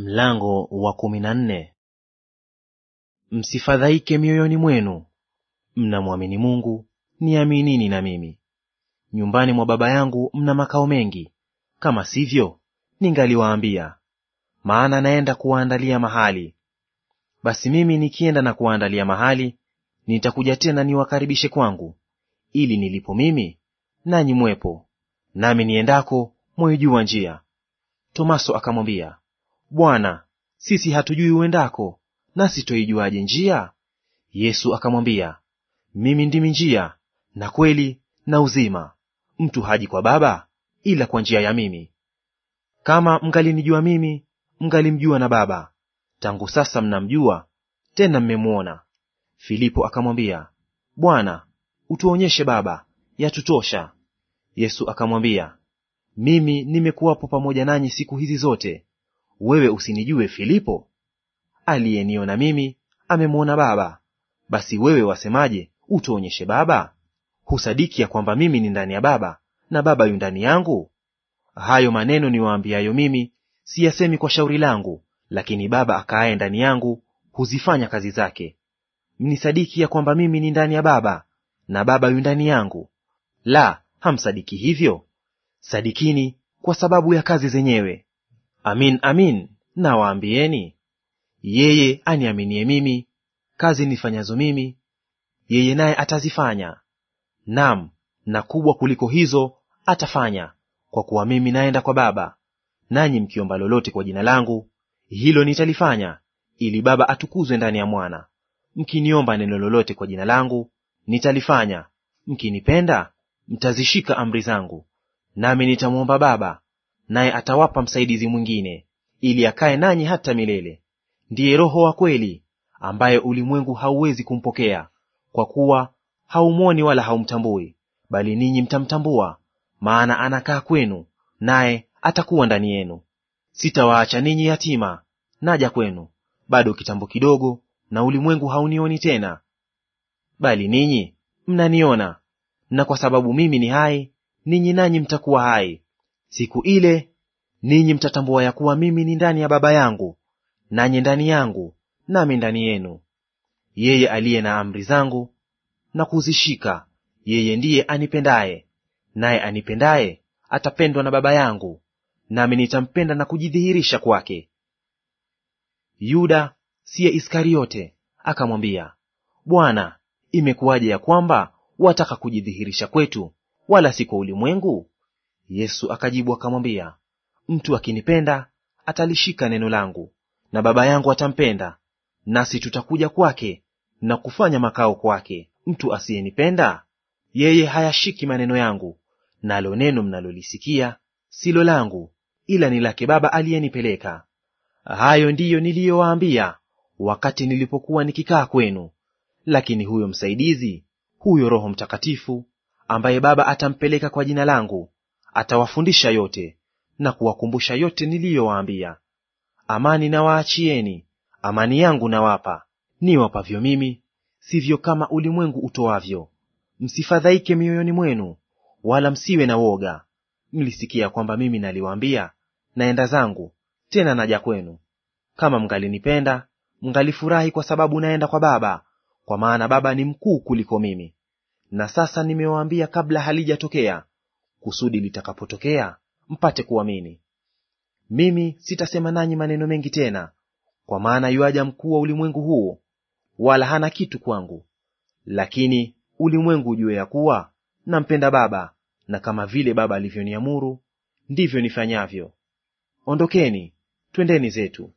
Mlango wa kumi na nne. Msifadhaike mioyoni mwenu, mnamwamini Mungu, niaminini na mimi. Nyumbani mwa Baba yangu mna makao mengi; kama sivyo, ningaliwaambia, maana naenda kuwaandalia mahali. Basi mimi nikienda na kuwaandalia mahali, nitakuja tena niwakaribishe kwangu, ili nilipo mimi nanyi mwepo; nami niendako mwaijua njia. Tomaso akamwambia Bwana, sisi hatujui uendako, nasi twaijuaje njia? Yesu akamwambia, mimi ndimi njia na kweli na uzima. Mtu haji kwa Baba ila kwa njia ya mimi. Kama mngalinijua mimi, mngalimjua na Baba. Tangu sasa mnamjua tena mmemwona. Filipo akamwambia, Bwana, utuonyeshe Baba, yatutosha. Yesu akamwambia, mimi nimekuwapo pamoja nanyi siku hizi zote wewe usinijue Filipo? Aliyeniona mimi amemwona Baba. Basi wewe wasemaje, utuonyeshe Baba? Husadiki ya kwamba mimi ni ndani ya Baba na Baba yu ndani yangu? Hayo maneno niwaambiayo mimi siyasemi kwa shauri langu, lakini Baba akaaye ndani yangu huzifanya kazi zake. Mnisadiki ya kwamba mimi ni ndani ya Baba na Baba yu ndani yangu. La, hamsadiki hivyo; sadikini kwa sababu ya kazi zenyewe. Amin, amin nawaambieni, yeye aniaminie mimi, kazi nifanyazo mimi, yeye naye atazifanya; nam na kubwa kuliko hizo atafanya, kwa kuwa mimi naenda kwa Baba. Nanyi mkiomba lolote kwa jina langu, hilo nitalifanya, ili Baba atukuzwe ndani ya Mwana. Mkiniomba neno lolote kwa jina langu, nitalifanya. Mkinipenda, mtazishika amri zangu. Nami nitamwomba Baba, naye atawapa msaidizi mwingine, ili akae nanyi hata milele. Ndiye Roho wa kweli, ambaye ulimwengu hauwezi kumpokea, kwa kuwa haumwoni wala haumtambui; bali ninyi mtamtambua, maana anakaa kwenu, naye atakuwa ndani yenu. Sitawaacha ninyi yatima, naja kwenu; bado kitambo kidogo, na ulimwengu haunioni tena, bali ninyi mnaniona; na kwa sababu mimi ni hai, ninyi nanyi mtakuwa hai. Siku ile ninyi mtatambua ya kuwa mimi ni ndani ya Baba yangu, nanyi ndani yangu, nami ndani yenu. Yeye aliye na amri zangu na kuzishika, yeye ndiye anipendaye; naye anipendaye atapendwa na Baba yangu, nami nitampenda na kujidhihirisha kwake. Yuda siye Iskariote akamwambia, Bwana, imekuwaje ya kwamba wataka kujidhihirisha kwetu, wala si kwa ulimwengu? Yesu akajibu akamwambia, Mtu akinipenda atalishika neno langu, na Baba yangu atampenda, nasi tutakuja kwake na kufanya makao kwake. Mtu asiyenipenda yeye hayashiki maneno yangu, nalo neno mnalolisikia silo langu, ila ni lake Baba aliyenipeleka. Hayo ndiyo niliyowaambia wakati nilipokuwa nikikaa kwenu. Lakini huyo msaidizi, huyo Roho Mtakatifu, ambaye Baba atampeleka kwa jina langu, atawafundisha yote na kuwakumbusha yote niliyowaambia. Amani na waachieni, amani yangu nawapa; niwapavyo mimi, sivyo kama ulimwengu utoavyo. Msifadhaike mioyoni mwenu, wala msiwe na woga. Mlisikia kwamba mimi naliwaambia, naenda zangu tena naja kwenu. Kama mngalinipenda, mngalifurahi kwa sababu naenda kwa Baba, kwa maana Baba ni mkuu kuliko mimi. Na sasa nimewaambia kabla halijatokea, kusudi litakapotokea mpate kuamini. Mimi sitasema nanyi maneno mengi tena, kwa maana yuaja mkuu wa ulimwengu huu, wala hana kitu kwangu. Lakini ulimwengu ujue ya kuwa nampenda Baba, na kama vile Baba alivyoniamuru ndivyo nifanyavyo. Ondokeni, twendeni zetu.